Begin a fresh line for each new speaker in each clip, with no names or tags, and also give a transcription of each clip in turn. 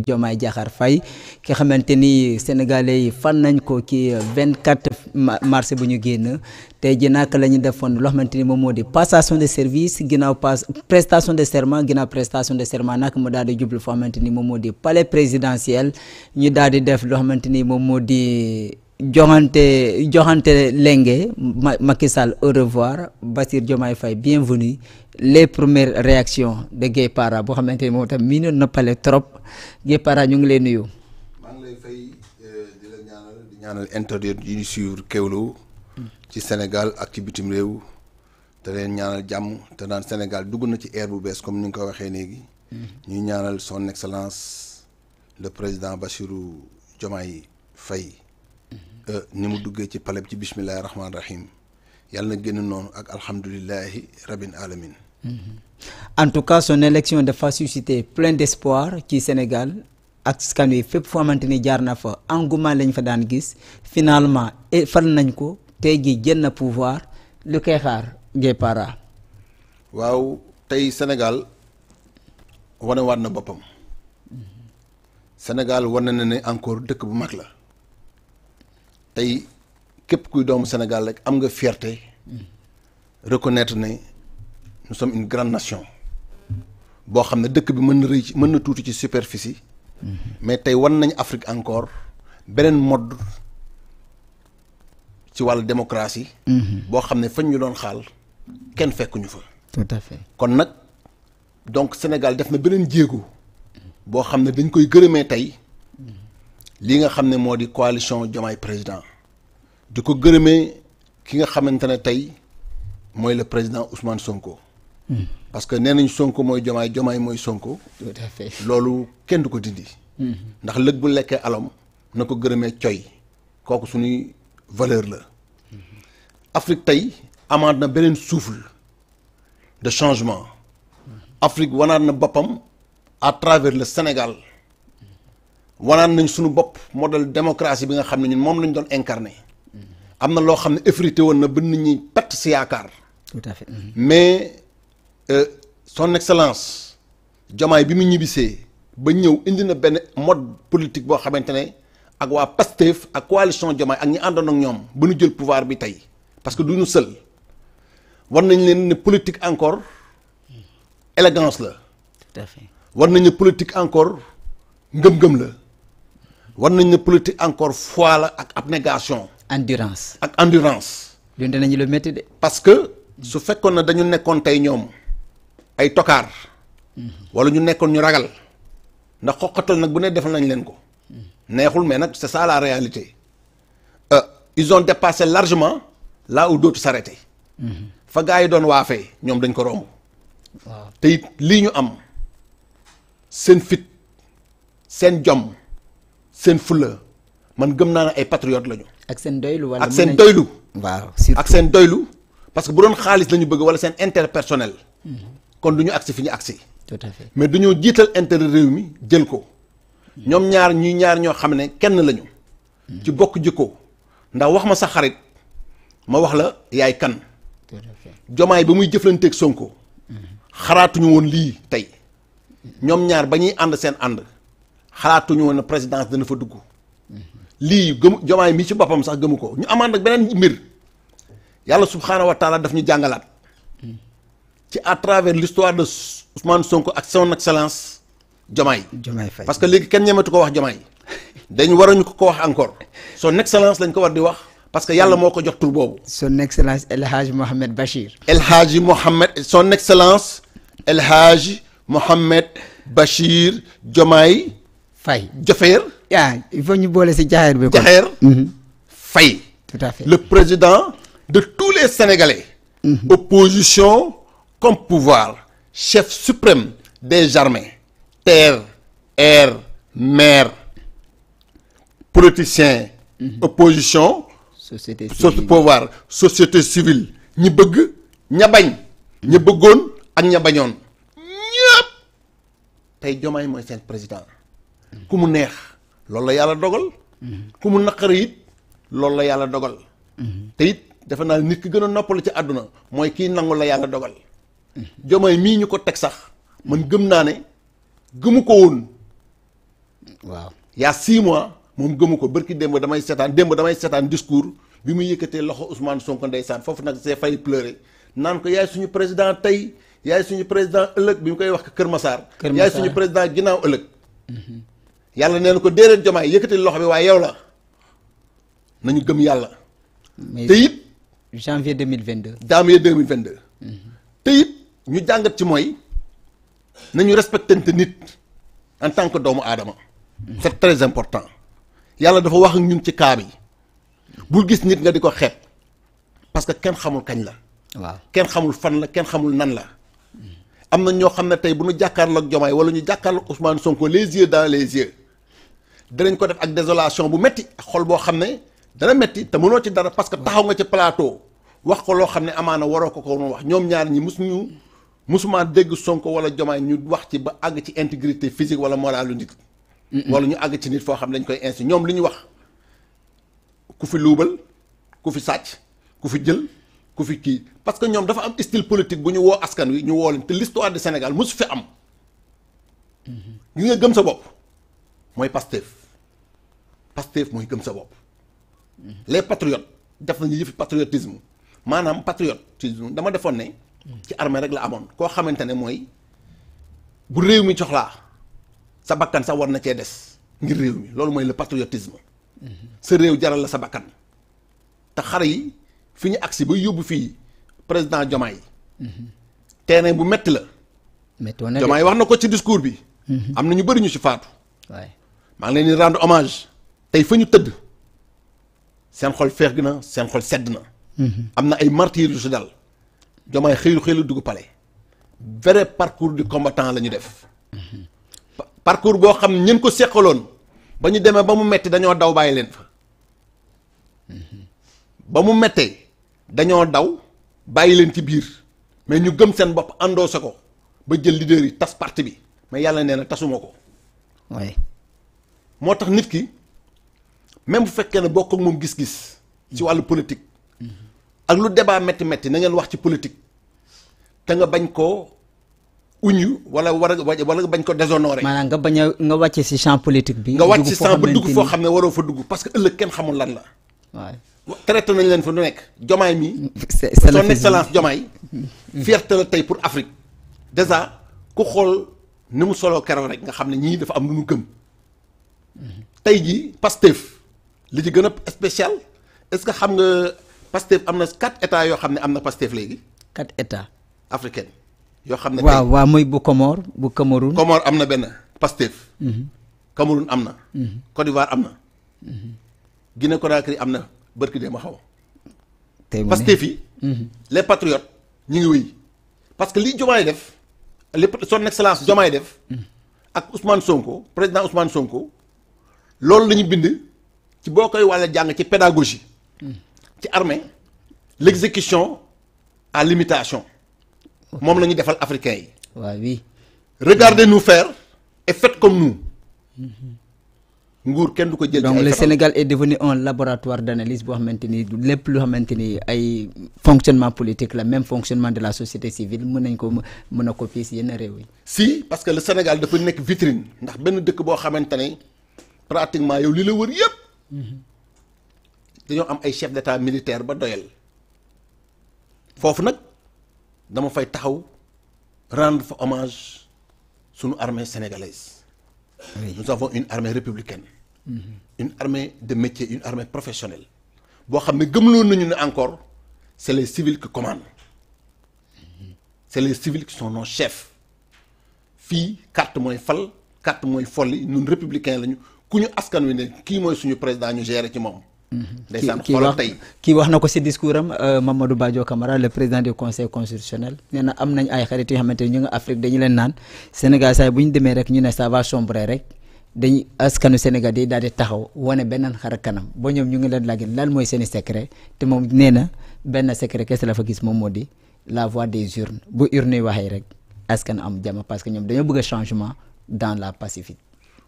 Diomaye Diakhar Faye ki xamante ni sénégalais yi fan nañ ko ci 24 bu ñu génn tey ji naka la ñu defoon loo xamante ni moom moo di passation de service ginnaaw pass prestation de serment ginnaaw prestation de serment nag mu daal di jublu foo xamante ni moom moo di palais présidentiel ñu daal def loo xamante ni moom moo di joxante joxante lenge Macky Sall au revoir Bassirou fay bien bienvenue les premières réactions de Gueye Para boo xamante ni moom tam mii na noppale trop Gueye Para ñu ngi lay nuyu. maa ngi lay fay
euh, di la ñaanal di ñaanal internet yi ci Sénégal ak ci bitim réew te leen ñaanal jàmm te naan Sénégal dugg na ci ère bu bees comme ni nga ko waxee léegi. ñu ñaanal son excellence le président Bassirou yi fay Euh, ni mu duggee ci palais ci bismillahi rahmaani rahim yàlla na génn noonu ak alhamdulillahi rabbil alamin
mhm. en tout cas son élection dafa suscité plein d'espoir ci Sénégal ak askan wi fépp fu xamante ni jaar na fa engouement lañ fa daan gis finalement e, fal nañ ko tey jii jël na pouvoir lu koy xaar Gaye
waaw tey Sénégal wanewaat na boppam mhm. Sénégal wane na ne encore dëkk bu mag la tey képp kuy doomu Sénégal rek am nga fierté reconnaître ne nous sommes une grande nation boo xam ne dëkk bi mën na rëy ci mën na tuuti ci superficie mais tey wan nañ Afrique encore beneen modd ci wàll démocratie boo xam ne fañ ñu doon xaal kenn fekkuñu fa tout fait kon nag donc Sénégal def na beneen jéego boo xam ne dañ koy gërëmee tey li nga xam ne moo di coalition Diomaye président di ko gërëmee ki nga xamante ne tey mooy le président Ousmane Sonko. Hmm. parce que nee nañ Sonko mooy Diomaye Diomaye mooy Sonko. tout loolu kenn du ko dindi. Hmm. ndax lëg bu lekkee alom na ko gërëmee coy kooku suñuy valeur la. Hmm. Afrique tey amaat na beneen souffle de changement. Afrique wanaat na boppam à travers le Sénégal wanaat nañ suñu bopp. modèle démocratie bi nga xam ne ñun moom lañ doon incarné am na loo xam ne effrité woon na ba nit ñi pett si yaakaar. tout mais euh, son excellence Diomaye bi mu ñibbisee ba ñëw indi na benn mode politique boo xamante ne ak waa PASTEF ak coalition Diomaye ak ñi àndoon ak ñoom ba ñu jël pouvoir bi tey parce que du ñu sël war nañ leen ne politique encore élégance la. tout war nañ ne encore ngëm-ngëm la. war nañ ne politique encore fois la ak abnégation. endurance ak endurance. dund nañu lu métti de. parce que su fekkoon na dañu nekkoon tey ñoom ay tokaar. Mhm. wala ñu nekkoon ñu ragal. ndax xoqatal nag bu ne defal nañ leen ko. Mhm. neexul mais nag c'est ça la réalité. Euh, ils ont dépassé largement là où dootu s'arrêter. Mhm. fa gars yi doon waafee ñoom dañ ko romb. waaw te lii ñu am seen fit seen jom. seen fulla man gëm naa ne ay patriote lañu. ak seen doylu ak seen doylu.
waaw surtout ak seen
doylu parce que bu doon xaalis la ñu bëgg wala seen intérêt personnel. Mhm. kon du ñu agsi fi ñu agsi. tout à fait mais jiital intérêt réew mi jël ko. ñoom ñaar ñuy ñaar ñoo xam ne kenn lañu. Mhm. ci bokk jikko ndax wax ma sa xarit ma wax la yaay kan. jomaay ba muy jëflanteeg Sonko. Mhm. xaraatuñu woon lii tey. ñoom ñaar ba ñuy ànd seen ànd. xalaatuñu woon ne présidence dana fa dugg lii gëmu jomaay mi ci boppam sax gëmu ko ñu amaan nag beneen mbir yàlla subhaanahu wa taala daf ñu jàngalaat ci à travers l'histoire de Ousmane Sonko ak son excellence jomaay jomaay Faye parce que léegi kenn ñemetu ko wax jomaay dañ waruñu ko ko wax encore son excellence lañ ko war di wax parce que yàlla moo ko jox tur boobu. son excellence El Hadj Mohamed Bachir. El Hadj Mohamed son excellence El Hadj Mohamed Bachir Jomaay. fay Jofeer. ah il faut ñu boole si jaxeer bi. jaxeer mhm. fay. tout le président de tous les sénégalais. Mhm. opposition comme pouvoir chef suprême des armées terre air mer politicien. Mhm. opposition.
société civile
pouvoir ñi bëgg ña bañ. ña bëggoon ak ña bañoon. ñëpp tey Diomaye mooy seen ku mu neex loolu la yàlla dogal ku mu naqara it loolu la yàlla dogal te yit defe naa nit ki gën a noppalu ci àdduna mooy kii nangu la yàlla dogal Diomaye mii ñu ko teg sax man gëm naa ne gëmu ko woon waaw y'a six mois moom gëmu ko bërki démb damay seetaan démb damay seetaan discours bi mu yëkkatee loxo Ousmane ndey ndeysaan foofu nag see fay pleurer naan ko yaay suñu président tey yaay suñu président ëllëg bi mu koy wax Kër Massar yaay suñu président ginnaaw ëllëg mhm. yàlla nee na ko déedéet jomaay yëkkati loxo bi waaye yow la nañu gëm yàlla. te it janvier deux mille vingt deux. janvier deux mille vingt deux. te ñu jàngat ci mooy nañu respectante nit en tant que doomu aadama. c'est très important. yàlla dafa wax ak ñun ci kaa bi bul gis nit nga di ko xeet parce que kenn xamul kañ la. waaw kenn xamul fan la kenn xamul nan la. am na ñoo xam ne tey bu ñu jàkkaarloog Diomaye wala ñu jàkkaarloog Ousmane Sonko les yeux dans les yeux. danañ ko def ak désolation bu metti xol boo xam ne dana metti te mënoo ci dara parce que taxaw nga ci palaato wax ko loo xam ne amaana waroo ko ko wax ñoom ñaar ñi musuñu musuma dégg Sonko wala Jomaay ñu wax ci ba àgg ci intégrité physique wala moralu nit wala ñu àgg ci nit foo xam ne dañ koy insi ñoom lu ñu wax ku fi luubal ku fi sàcc ku fi jël ku fi kii parce que ñoom dafa am style politique bu ñu woo askan wi ñu woo leen te l'histoire du Sénégal mosu fi am mhm. gi nga sa bopp Pastef mooy gëm sa bopp. les patriotes def nañu yëfi patriotisme maanaam patriotisme dama defoon ne. ci armée rek la amoon koo xamante ne mooy bu réew mi joxlaa sa bakkan sax war na cee des ngir réew mi loolu mooy la patriotisme. sa réew jaral la sa bakkan te xare yi fi ñu agsi ba yóbbu fii président yi terrain bu metti la.
méttoon na Diomaye
wax na ko ci discours bi. Mhm. am na ñu bëri ñu ci faatu. waaye maa ngi leen rend rendre hommage. tey fa ñu tëdd seen xol feex gi na seen xol sedd na. Mhm. am na ay martyrs yu si dal. Diomaye xëyul xëyul dugg palais. vrai parcours du combattant la ñu def. Mhm. parcours boo xam ñeen ko seqaloon ba ñu demee ba mu metti dañoo daw bàyyi leen fa. Mhm. ba mu mettee dañoo daw bàyyi leen ci biir mais ñu gëm seen bopp àndoose ko ba jël leader yi tas parti bi mais yàlla nee na tasuma ko. waaye moo tax nit ki. même bu fekkee ne bokk ak moom gis-gis. ci wàllu politique. ak lu debaa metti métti na ngeen wax ci politique. te nga bañ koo uñu wala war a wala bañ ko déshonoré. maanaam
nga bañ a nga wàcce si champ politique bi. nga wàcc si champ ba dugg foo xam
ne waroo fa dugg parce que ëllëg kenn xamul lan la. waaw traité nañ leen fa nu nekk jomaay mi. son excellence jomaay. fierté la tey pour Afrique. déjà ku xool ni mu soloo keroog rek nga xam ne ñii dafa am lu nu gëm. Mhm. tey jii Pastef. li ci gën a spécial est-ce que xam nga Pastef am na quatre états yoo xam ne am na Pastef léegi. quatre états. africain yoo xam ne. waaw
waaw mooy bu Comore bu Cameroun.
Comore am na benn Pastef. Mhm. Cameroun am na. Mhm. Côte d'Ivoire am na. Mhm. Guinée Conakry am na barki dee ma xaw. tey Pastef yi. les patriotes ñu ngi wéy parce que li Diomaye def lépp son excellence Diomaye def. ak Ousmane Sonko président Ousmane Sonko loolu la bind. ci boo koy wàlla jàng ci pédagogie ci armée l'exécution à l'imitation moom la ñuy defal africains yi waaw oui regardez-nous mm-hmm. faire et faites comme nous nguur kenn du ko jël donc le Sénégal est devenu un
laboratoire d'analyse boo xamante ni lépp lu xamante ni ay fonctionnement politique la même fonctionnement de la société civile mën nañ ko mën a copier si yenn réew yi
si parce que le Sénégal dafa nekk vitrine ndax benn dëkk boo xamante ne pratiquement yow li la wër dañoo am ay chef d'état militaire ba doyal foofu nag dama fay taxaw rendre fa hommage sunu armee sénégalaise. Oui. nous avons une armée républicaine.
Mmh.
une armée de métier une armée professionnelle. boo xam ne gëmloon nañu ne encore c'est les civils qui commandent c'est les civils qui sont nos chefs fii carte mooy fal carte mooy folli ñun républicain lañu ku ñu askan wi ne kii mooy suñu président ñu gérer ci moom. ndeysaan xoolal
kii wax na ko si discours am euh, Mamadou Badio Camara le président du conseil constitutionnel nee am nañ ay xarit yoo xamante ne ñu ngi Afrique dañu leen naan bu ñu demee rek ñu ne ça va rek dañu askanu Sénégal di daal di taxaw wane beneen xar kanam boo ñoom ñu ngi leen laaj lan mooy seen i secret te moom nee na benn secret kese la fa gis moom moo di la voix des urnes bu urnes yi waxee rek askan am jàmm parce que ñoom dañoo bëgg a changement
dans la pacifique.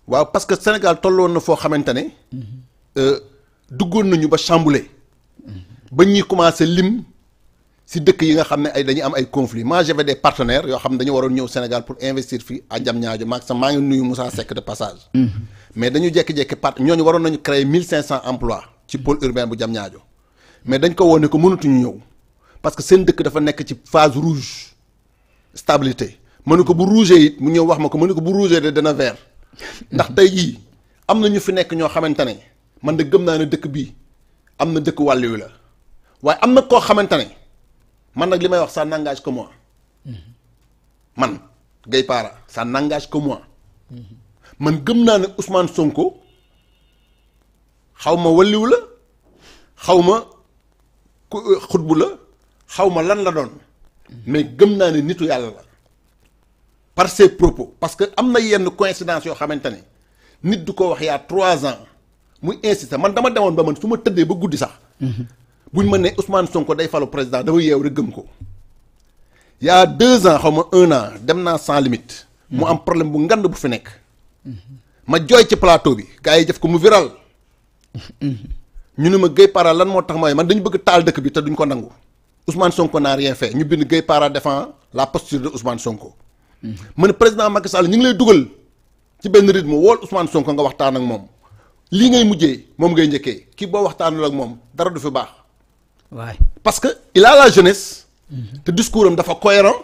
waaw parce que Sénégal tolloon na foo xamante ne euh, duggoon nañu ba chamboulé mm-hmm. ba ñuy commencé lim si dëkk yi nga xam ne ay dañuy am ay conflits moi j'avais des partenaires yoo xam ne dañu waroon ñëw Sénégal pour investir fii à Diamniadio maag sax maa ngi nuyu Moussa Seck de passage. Mm-hmm. mais dañu jékki-jékki part ñooñu waroon nañu créer mille cinq cent emplois ci pôle mm-hmm. urbain bu jam Diamniadio mais dañ ko woon ne ko mënatuñu ñëw parce que seen dëkk dafa nekk ci phase rouge stabilité mënu ko bu rouge mu ñëw wax ma ko mënu ko bu rouge de dana vert. ndax tey jii am na ñu fi nekk ñoo xamante ne man de gëm naa ne dëkk bii am na dëkk wàll la waaye am na koo xamante ne man nag li may wax sa n'engage que moi man Gaye Para ça n'engage que man gëm naa ne Ousmane Sonko xaw ma walliw la xaw ma xutbu la xaw ma lan la doon mais gëm naa ne nitu yàlla la par ses propos parce que am na yenn coïncidence yoo xamante ne nit du ko wax yaa trois ans muy insisté man dama demoon ba man su ma tëddee ba guddi sax. buñ ma ne Ousmane Sonko day falu président dama yeew rek gëm ko. yaa deux ans xaw ma un an dem naa sans limite. mu am problème bu ngand bu fi nekk. ma jooy ci plateau bi gars yi def ko mu viral. ñu ne ma Gueye Para lan moo tax mooy man dañu bëgg taal dëkk bi te duñ ko nangu. Ousmane Sonko n'a rien fait ñu bind Gueye Para défend la posture de Ousmane Sonko. ma ne président Macky Sall ñu ngi lay dugal ci benn rythme wool Ousmane sonk nga waxtaan ak moom lii ngay mujjee moom ngay njëkkee kii boo waxtaan waxtaanul ak moom dara du fi baax. waay parce que il la jeunesse. Mhm. te discours am dafa cohérent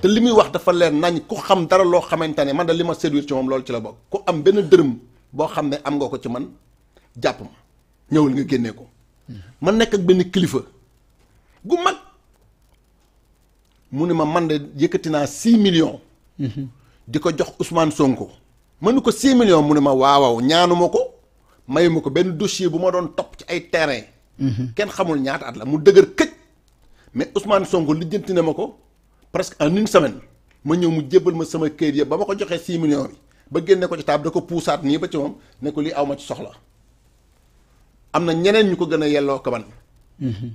te li muy wax dafa leer nañ ku xam dara loo xamante ne man da li ma séduire ci moom loolu ci la bokk ku am benn dërëm boo xam ne am nga ko ci man jàpp ma ñëwal nga génnee ko. Mhm. ma nekk ak benn kilifa gu mag. mu ne ma man de yëkkati naa six million di ko jox Ousmane Sonko. mën ni ko six million mu ne ma waawaw ñaanu ma ko mayuma ko benn dossier bu ma doon topp ci ay terrain. kenn xamul ñaata at la mu dëgër këj. mais Ousmane Sonko lijjanti na ma ko presque en une semaine ma ñëw mu jébbal ma sama kayit yëpp ba ma ko joxee six millions ba génne ko ko puusaat nii ba ci moom ne ko lii ma ci soxla am na ñeneen ñu ko gën a yelloo ko man mhm.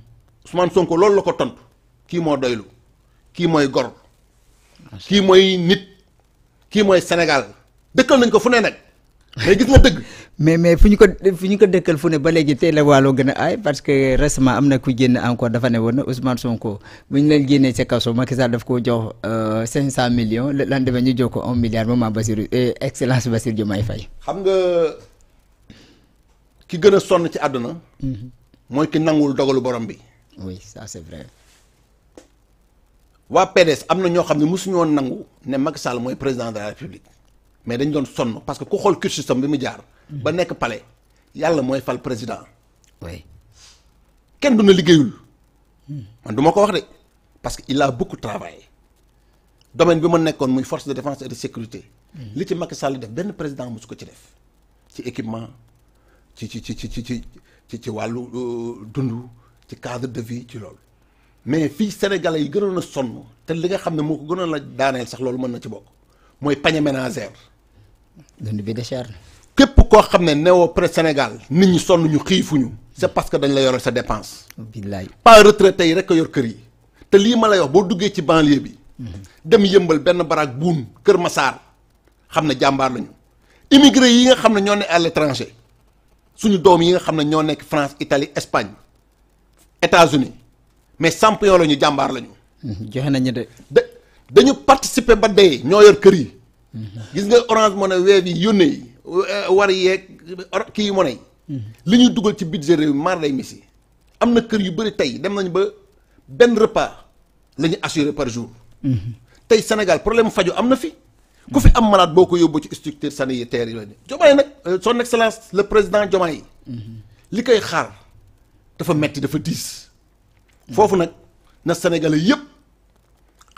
Ousmane Sonko loolu la ko tontu kii moo doylu kii mooy gor kii mooy nit kii mooy Sénégal dëkkal nañ ko fu ne nag mais gis nga dëgg mais mais fu ñu ko fu ñu ko dëkkal fu ne ba
léegi tey la waalo gën a aay parce que récemment am na ku génn encore dafa ne woon Ousmane Sonko bu ñu leen génnee ca kaso Macky Sall daf ko jox euh, cent million le lendemain ñu jox ko 1 milliard maman Bassirou euh, excellence Bassirou Diomaye fay
xam nga ki gën a sonn ci àdduna. Mhm. mooy ki nanguwul dogalu borom bi. oui ça c'est waa PDS am na ñoo xam ne mosuñoo nangu ne Macky Sall mooy président de la République mais dañ doon sonn parce que ku xool cursus bi mu jaar. ba nekk palais yàlla mooy fal président. kenn du na liggéeyul. man du ko wax de parce que il a beaucoup travaillé domaine bi ma nekkoon muy force de défense et de sécurité. li ci Macky Sall def benn président mosu ko ci def. ci équipement ci ci ci ci ci ci ci wàllu euh, dund ci cadre de vie ci loolu. mais fii sénégalais yi gënoon a sonn te li nga xam ne moo ko gënoon a daaneel sax loolu mën na ci bokk mooy panier ménagère. bi de cher képp koo xam ne newoo pré Sénégal nit ñi sonn ñu ñu c'est parce que dañ la yoral sa dépense. billaay pas retraité yi rek a yor kër yi. te lii ma lay wax boo duggee ci banlieue bi. dem yëmbal benn baraag buun Kër Massar xam ne jàmbaar lañu. immigré yi nga xam ne ñoo ne à l'étranger suñu doom yi nga xam ne ñoo nekk France Italie Espagne États-Unis mais champion la ñu jàmbaar la ñu. Mhm, joxe nañu de. da dañu participer ba dee. ñoo yor kër yi. gis nga orange money weef yi yónnee war yeeg kii yu money yi. Mhm. li ñuy dugal ci budget réew mi maar lay misi am na kër yu bëri tey dem nañu ba benn repas la ñu assuré par jour. Mhm. tey Sénégal problème fajo am na fi. ku fi am malaat boo ko yóbbu ci structure sanitaire yi la ñu. Diomaye nag euh, son excellence le président Diomaye. li koy xaar dafa metti dafa diis. foofu nag na sénégalais yëpp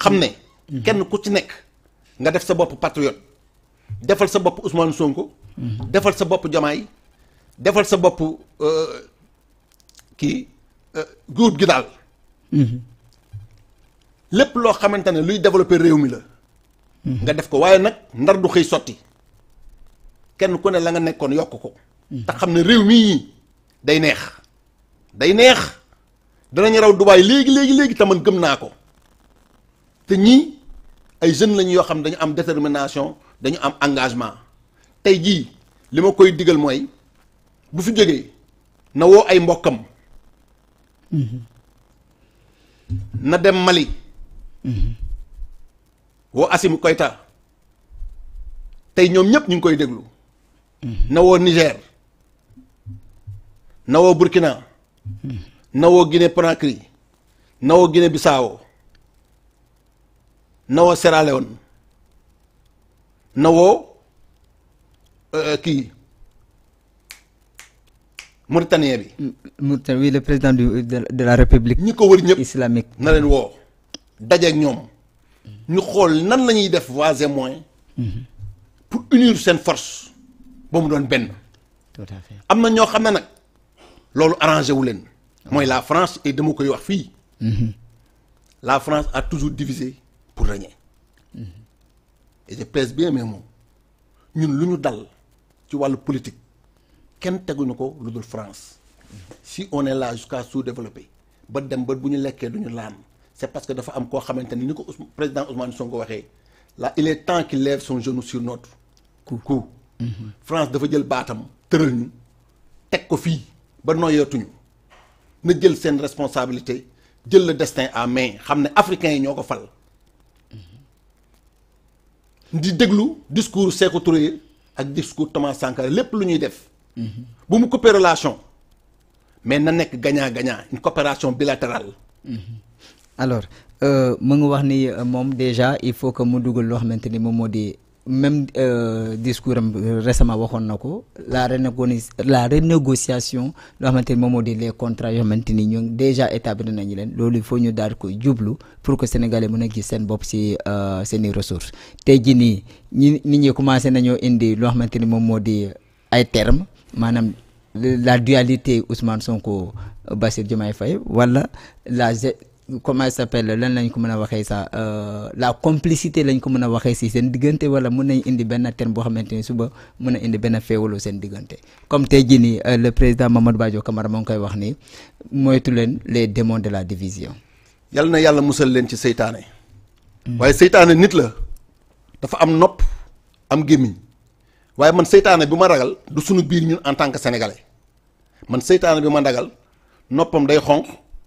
xam ne. kenn ku ci nekk nga def sa bopp patriote defal sa bopp Ousmane Sonko. defal sa bopp Diomaye defal sa bopp euh, kii euh, groupe gi daal. lépp loo xamante ne luy développer réew mi la. nga def ko waaye nag ndar du xëy sotti kenn ku ne la nga nekkoon yokk ko. te xam ne réew mii day neex day neex. danañ raw Dubaay léegi léegi léegi te gëm naa ko te ñii ay jeunes lañu yoo xam dañu am détermination dañu am engagement tey jii li ma koy digal mooy bu fi jógee na woo ay mbokkam mm-hmm. na dem Mali mm-hmm. woo Assimi Koïta tey ñoom ñëpp ñu ngi koy déglu mm-hmm. na woo Niger na woo Burkina nawoo woo Guinée Conakry na woo Guinée Bissau na woo Sierra Leone euh, kii
Mauritanien bi. Mauritanien oui le président du de la république. ñi ko wër ñëpp islamique. na leen woo
dajeeg ñoom ñu xool nan la ñuy def voies et moyens. Mm-hmm. pour unir seen force ba mu doon benn. am na ñoo xam ne nag loolu arrangé wu leen. mooy la France et dama koy wax fii. Mhm. la France a toujours divisé pour régner. Mhm. et je pèse bien mes ñun lu ñu dal ci wàllu politique kenn teguñu ko lu dul France. si on est la jusqu'à sous-développé ba dem ba bu ñu lekkee du ñu laan c'est parce que dafa am koo xamante ni ni ko président Ousmane Sonko waxee là il est temps qu'il lève son genou sur notre cou. Mhm. France dafa jël baatam tëral ñu teg ko fii ba noyyootuñu. na jël seen responsabilité jël le destin en main xam ne africains yi ñoo ko fal. di déglu discours Sékou Touré ak discours Thomas Sankara lépp lu ñuy def. bu mu coupé relation. mais na nekk gagnant gagnant une coopération bilatérale.
alors euh, mu ngi wax ni euh, moom déjà il faut que mu dugal loo xamante ni moom moo di. même euh, discours am euh, récemment waxoon na ko la renégoci la renégociation loo xamante ni moom moo di les contrats yoo xamante ni ñu déjà établi nañu leen loolu il faut ñu daal ko jublu pour que sénégalais mën a gis seen bopp si euh, seen i ressources tey jii nii ñi ni ñi commencé nañoo indi loo xamante ni moom moo di ay terme maanaam la dualité Ousmane Sonko Bassirou Diomaye Faye wala la comment il s'appelle lan lañ ko a waxee sax euh, la lañ ko mën a waxee si seen diggante wala mun nañ indi benn terme boo xamante ni suba mun a indi benn féewaloo seen diggante comme tey jii nii euh, le président Mamadou Badio Camara moo ngi koy wax ni leen les démons de la division.
yal na yàlla musal leen ci seytaane. Mm. waaye seytaane nit la dafa am nopp am gémmiñ waaye man seytaane bi ma ragal du suñu biir ñun en tant que sénégalais man seytaane bi ma ragal noppam day xonq.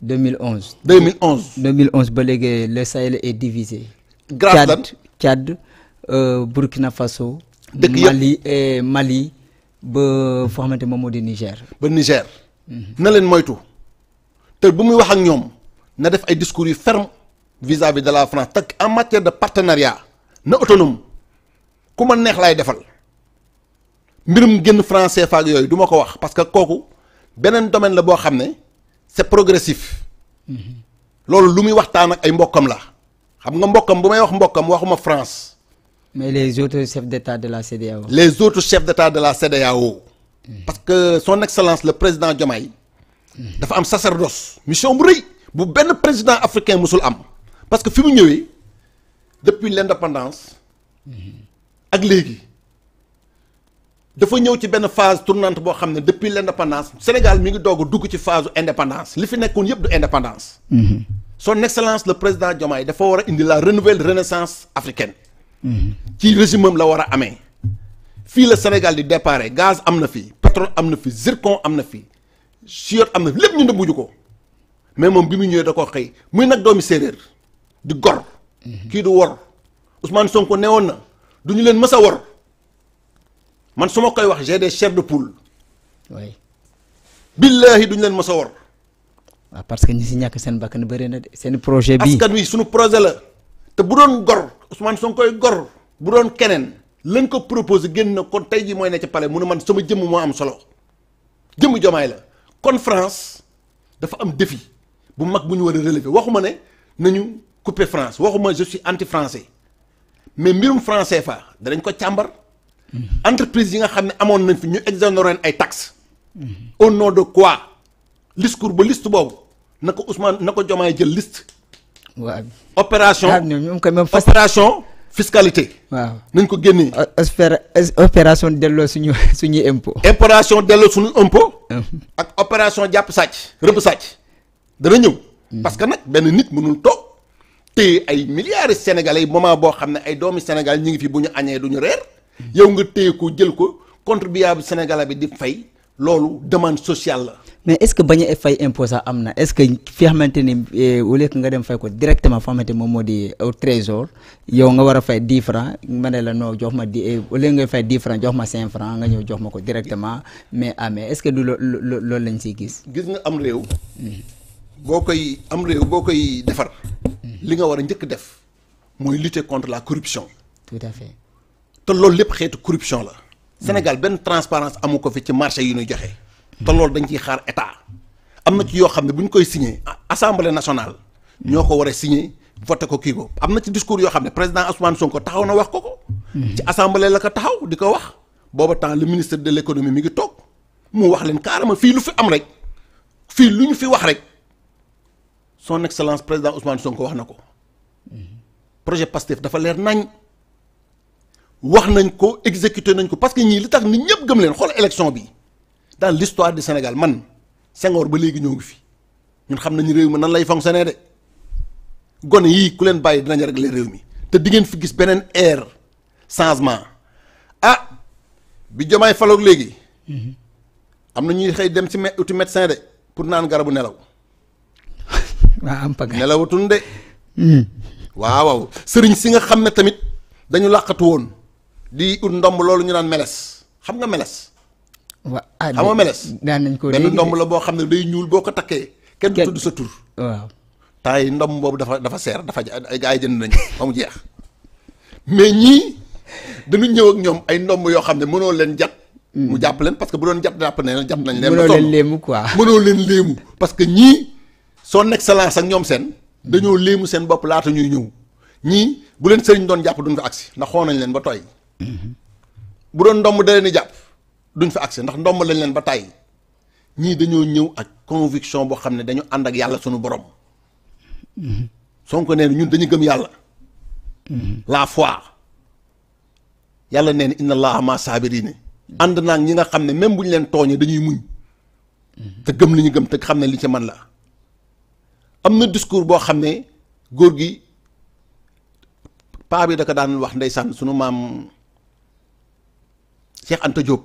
2011. 2011 2011 ba léegi le Sahel est divisé. grâce lan Tchad euh, Burkina Faso. dëkk yëpp Mali et
eh, Mali ba foo xamante moom moo di Niger. ba Niger. Mhm. na leen moytu te bu muy wax ak ñoom na def ay discours yu ferme vis-à-vis de la France te en matière de partenariat na autonome ku ma neex laay defal mbirum génn français faak yooyu duma ko wax parce que kooku beneen domaine la boo xam ne. c'est progressif loolu lu muy waxtaan ak ay mbokkam la xam nga mbokkam bu may wax mbokkam waxuma France.
mais les autres chefs d'État de la CEDEAO.
les autres chefs d'État de la CEDEAO. Hmm. parce que son excellence le président Diomaye. Hmm. dafa am sacerdoce. mission bu rëy bu benn président africain mosul am parce que fi mu ñëwee depuis l'indépendance. Hmm. ak léegi. dafa ñëw ci benn phase tournante boo xam ne depuis l'indépendance Sénégal mi ngi doog dugg ci phase indépendance li fi nekkoon yëpp du indépendance. Mhm. son excellence le président Diomaye dafa war a indi la renouvelle renaissance africaine. Mhm. ci régime am la war a amee. fii la Sénégal di déparé gaz am na fi pétrole am na fi zircon am na fi chiotte am na fi lépp ñu nëbbuñu ko mais moom bi mu ñëwee da koo xëy muy nag doomi séréer di gor. Mhm. kii du wor Ousmane Sonko newoon na du ñu leen mës wor. man su ma koy wax j'ai des chefs de poule. oui. billaahi duñu leen mës a wor. waaw ah, parce que ni si ñàkk seen bakkan bëri na de seen
projet bi askan
wi suñu projet la. te bu doon gor Ousmane Sonko koy gor bu doon keneen lañ ko proposé génn na kon tey jii mooy ne ci palais mu ne man sama jëmm moo am solo jëmm jomaay la kon France dafa am défi bu mag bu ñu war a relever waxuma ne nañu couper France waxuma je suis anti français mais mbirum francais fa danañ ko càmbar. entreprise yi nga xam ne amoon nañ fi ñu exonéré ay tax au nom de quoi. discours ba list boobu na ko Ousmane na ko Diomaye jël list waaw opération opération fiscalité. waaw nañ ko génnee.
opération delloo suñu suñuy impôt.
opération delloo suñu impôt. ak opération jàpp sàcc. rëbb sàcc dana ñëw. parce que nag benn nit mënul toog. te ay milliards sénégalais moment boo xam ne ay doomi Sénégal ñu ngi fii bu ñu añee du ñu reer. yow nga téye ko jël ko contribuable sénégalais bi di fay loolu demande sociale la.
mais est-ce que bañ a fay impôt am na est-ce que fi xamante ni eh, au nga dem fay ko directement fa xamante moom moo di eh, au trésor yow nga war a fay 10 francs ma ne la noo jox ma di eh, au nga fay 10 francs jox ma 5 francs nga ñëw jox ma ko directement mais amee ah, est-ce que du loolu lañ siy gis.
gis nga am réew. Mm-hmm. boo koy am réew boo koy defar. Mm-hmm. li nga war a njëkk def mooy lutter contre la corruption. tout à fait. te loolu lépp xeetu corruption la. Sénégal mm. benn transparence amu ko fi ci marché yi ñuy joxe. te loolu dañ ciy xaar état. am na ci yoo xam ne bu ñu koy signé assemblée nationale. ñoo ko war a signé voté ko kii ko. am na ci discours yoo xam ne président Ousmane ko taxaw na wax ko ko. Mm. ci assemblée la ko taxaw di ko wax. booba temps le ministre de léconomie mi ngi toog mu wax leen carrément fii lu fi am rek fii lu ñu fi wax rek son excellence président Ousmane Sonko wax na ko mm. wax nañ ko exécuté nañ ko parce que ñii li tax nit ñëpp gëm leen xool élection bi dans l'histoire de Sénégal man Senghor ba léegi ñoo ngi fi ñun xam nañu réew mi nan lay fonctionner de gone yii ku leen bàyyi dinañ régler réew mi te di ngeen fi gis beneen air changement ah bi Diomaye faloog léegi mm-hmm. am na ñuy xëy dem ci me uti médecin de pour naan garabu nelaw. waaw am pagaille nelawatun de. Mm. waaw waaw sëriñ si nga xam ne tamit dañu làqatu woon. di ut ndomb loolu ñu naan meles xam nga meles.
wa ah xam nga meles. daan nañ ko benn ndomb la
boo xam ne day ñuul boo ko takkee. kenn du tudd sa tur. waaw temps yi ndomb boobu dafa dafa seer dafa ay gars yi jënd nañu ba mu jeex mais ñii dañu ñëw ak ñoom ay ndomb yoo xam ne mënoo leen jàpp. Mm. mu jàpp leen parce que bu doon jàpp jàpp nañ leen jàpp nañ leen. mënoo leen léemu quoi mënoo leen léemu. parce que ñii son excellence ak ñoom seen. dañoo léemu seen bopp laata ñuy ñëw ñii bu leen sëriñ doon jàpp duñ fa agsi ndax xoo nañ leen ba tooy bu doon ndomb da di jàpp duñ fa accès ndax ndomb lañ leen ba tàyyi ñii dañoo ñëw ak conviction boo xam ne dañu ànd ak yàlla suñu borom. Sonko nee na ñun dañu gëm yàlla. la foi. yàlla nee na inna allaha ma saabiriin ànd naa ñi nga xam ne même bu ñu leen tooñee dañuy muñ. te gëm li ñu gëm te xam ne li ci man la. am na discours boo xam ne góor gi paa bi da ko daan wax ndeysaan suñu maam. Cheikh Anta Diop.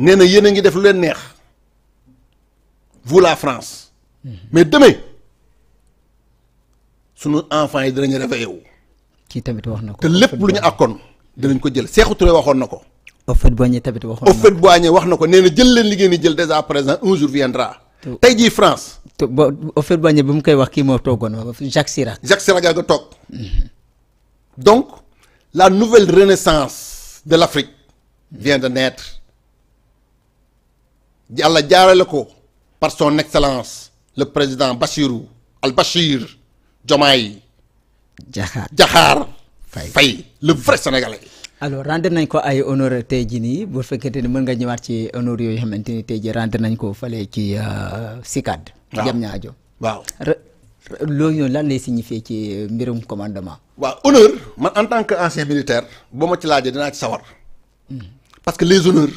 nee na yéen a ngi def lu leen neex vous la France. mais demain sunu enfants yi dinañ réveillé yow kii tamit wax na ko. te lépp lu ñu àkkoon dinañ ko jël Sékou Touré waxoon na ko. Houphouët-Boigny tamit waxoon na ko Houphouët-Boigny wax na ko nee na jël leen li ngeen jël dès à présent un jour viendra. tey jii France.
te ba houphouët ba bi mu koy wax kii moo toogoon Jacques Chirac.
Jacques Chirac a nga toog la nouvelle renaissance de l'Afrique vient de naître yàlla jaarale ko par son excellence le président Bassirou Al-Bachir Diomaye Diakhar Diakhar fay Faye le vrai sénégalais. alors rendre
nañ ko ay honneur tey jii nii bu fekkente ni mën nga ñëwaat ci honneur yooyu xamante ni tey jii rendre nañ ko fale ci CICAD. Euh, waaw jam ñaajo waaw loolu noonu lan lay signifier
ci euh, mbirum commandement. waa honneur man en tant que ancien militaire boo ma ci laajee dinaa ci sawar. Hmm. parce que les honneurs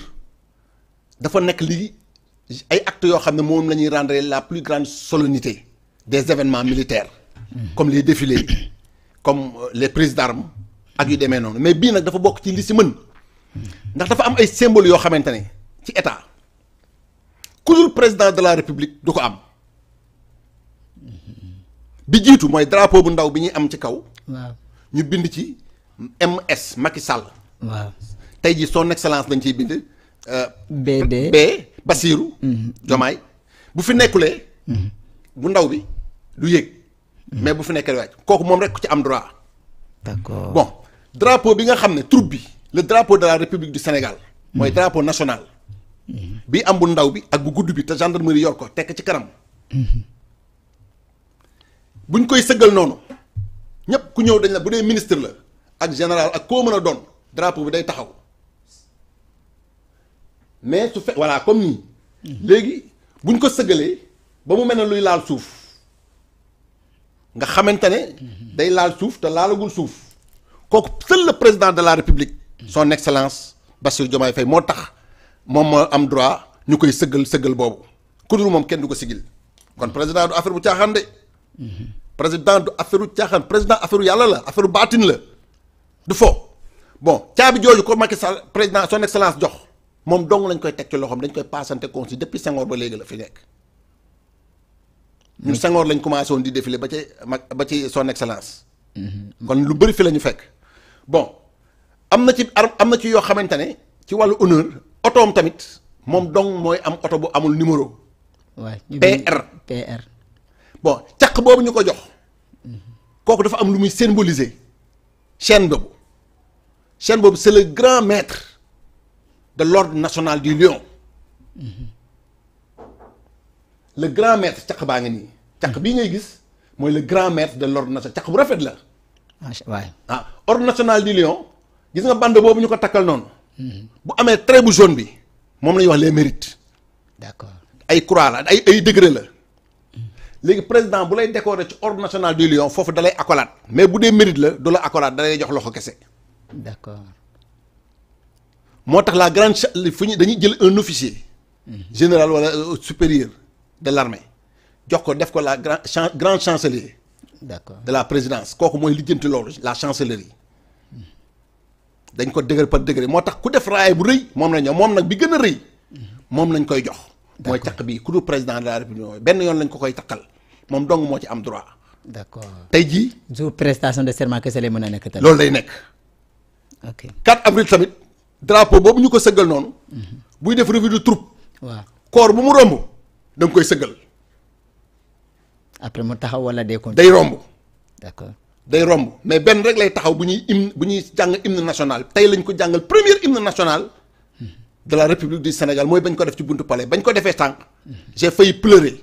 dafa nekk li ay actes yoo xam ne moom la ñuy rendre la plus grande solennité des événements militaires. Hmm. comme les défilés comme euh, les prises d'armes ak yu demee noonu mais bii nag dafa bokk ci li si mën ndax dafa am ay symbole yoo xamante ne ci état ku dul président de la république du ko am. bi jiitu mooy drapeau bu ndaw bi ñuy am ci kaw. ñu bind ci MS Macky Sall. tey jii son excellence dañ ciy bind. BB euh, B Basirou. Jomaay mm-hmm. bu fi nekkulee. Mm-hmm. bu ndaw bi du yéeg. Mm-hmm. mais bu fi nekkee waaj kooku moom rekk ci am droit. d'accord bon drapeau bi nga xam ne troupe bi le drapeau de la République du Sénégal. mooy drapeau national. bi am bu ndaw bi ak bu gudd bi te gendarmerie yor ko tekk ci kanam. buñ koy sëggal noonu ñëpp ku ñëw dañ la bu dee ministre la ak général ak koo mën a doon drapeau bi day taxaw mais su fe voilà comme nii. Mhm. léegi buñ ko sëggalee ba mu mel ne luy laal suuf nga xamante ne mhm. day laal suuf te laalagul suuf kooku seul le président de la république. Mhm. son excellence Bassirou Diomaye Faye moo tax moom moo am droit ñu koy sëggal sëggal boobu ku moom kenn du ko sigil kon président du affaire bu caaxaan de. président du affaire caaxaan président affaire yàlla la affaire baatin la du fo bon caabi jooju ko Macky Sall président son excellence jox moom dong lañ koy teg ci loxoom dañ koy paasante kon si depuis Senghor ba léegi la fi nekk. ñun Senghor lañ commencé woon di défilé ba ci mag ba ci son excellence. Mhm. kon lu bëri fi la ñu fekk. bon am na ci am na ci yoo xamante ne ci wàllu honneur otoom tamit moom dong mooy am oto bu amul numéro.
waaw PR
PR. bon caq boobu ñu ko jox kooku dafa am lu muy symboliser chaine boobu chaine boobu c'est le grand maître de lord national du lion le grand maître caq baa ngi nii caq bii ngay gis mooy le grand maître de l'ordre national caq bu rafet la waay ah ordre national du lion gis nga bande boobu ñu ko takkal noonu bu amee trait bu jaune bi moom la ñuy wax les mérites d'accord ay croix la ay ay degré la léegi président bu lay décorer ci ordre national du lion foofu dalay accolade mais bu dee mérite la du la accolade dalay jox loxo kese. d'accord. moo tax la grande cha fu ñu dañuy jël un officier. Mhm. général wala euh, supérieur de l'armée jox ko def ko la grand chan grand chancelier. d'accord de la présidence kooku mooy lijjanti loolu la chancellerie. dañ ko degré par degré moo tax ku def raay bu rëy moom la ñu moom nag bi gën a rëy mhm. moom nañ koy jox. mooy caq bi ku dul président de la république benn yoon lañ ko koy taqal. moom dong moo ci am droit. d' accord tey
jii. jour prestation de serment kese lay mën a nekk tamit. loolu lay nekk.
ok 4 avril tamit drapeau boobu ñu ko sëggal noonu. Mhm. buy def revue de troupe. waaw corps bu mu romb da koy sëggal. après mu taxaw wala day. day romb. d' accord day romb mais benn rek lay taxaw bu ñuy hymne bu ñuy jàng hymne national tey lañ ko jàngal première hymne national mhm. de la république du Sénégal mooy bañ ko def ci buntu palais bañ ko defee tànk j'ai failli pleurer.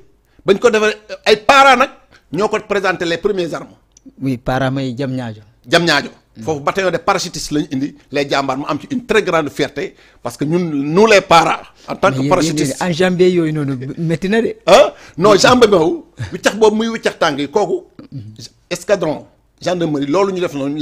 bañ ko defee ay para nag ñoo ko présenté les premières armes. oui para may jam ñaajo. jam ñaajo. foofu bataillon de parachutistes lañu indi les jàmbaar mu am ci une très grande fierté parce que ñun nous les para en tant que parachutiste en enjambé yooyu noonu métti na de. ah non jàmbe boobu wiccax boobu muy wiccax tàng yi kooku. Mm-hmm. escadron gendarmerie loolu ñu def noonu.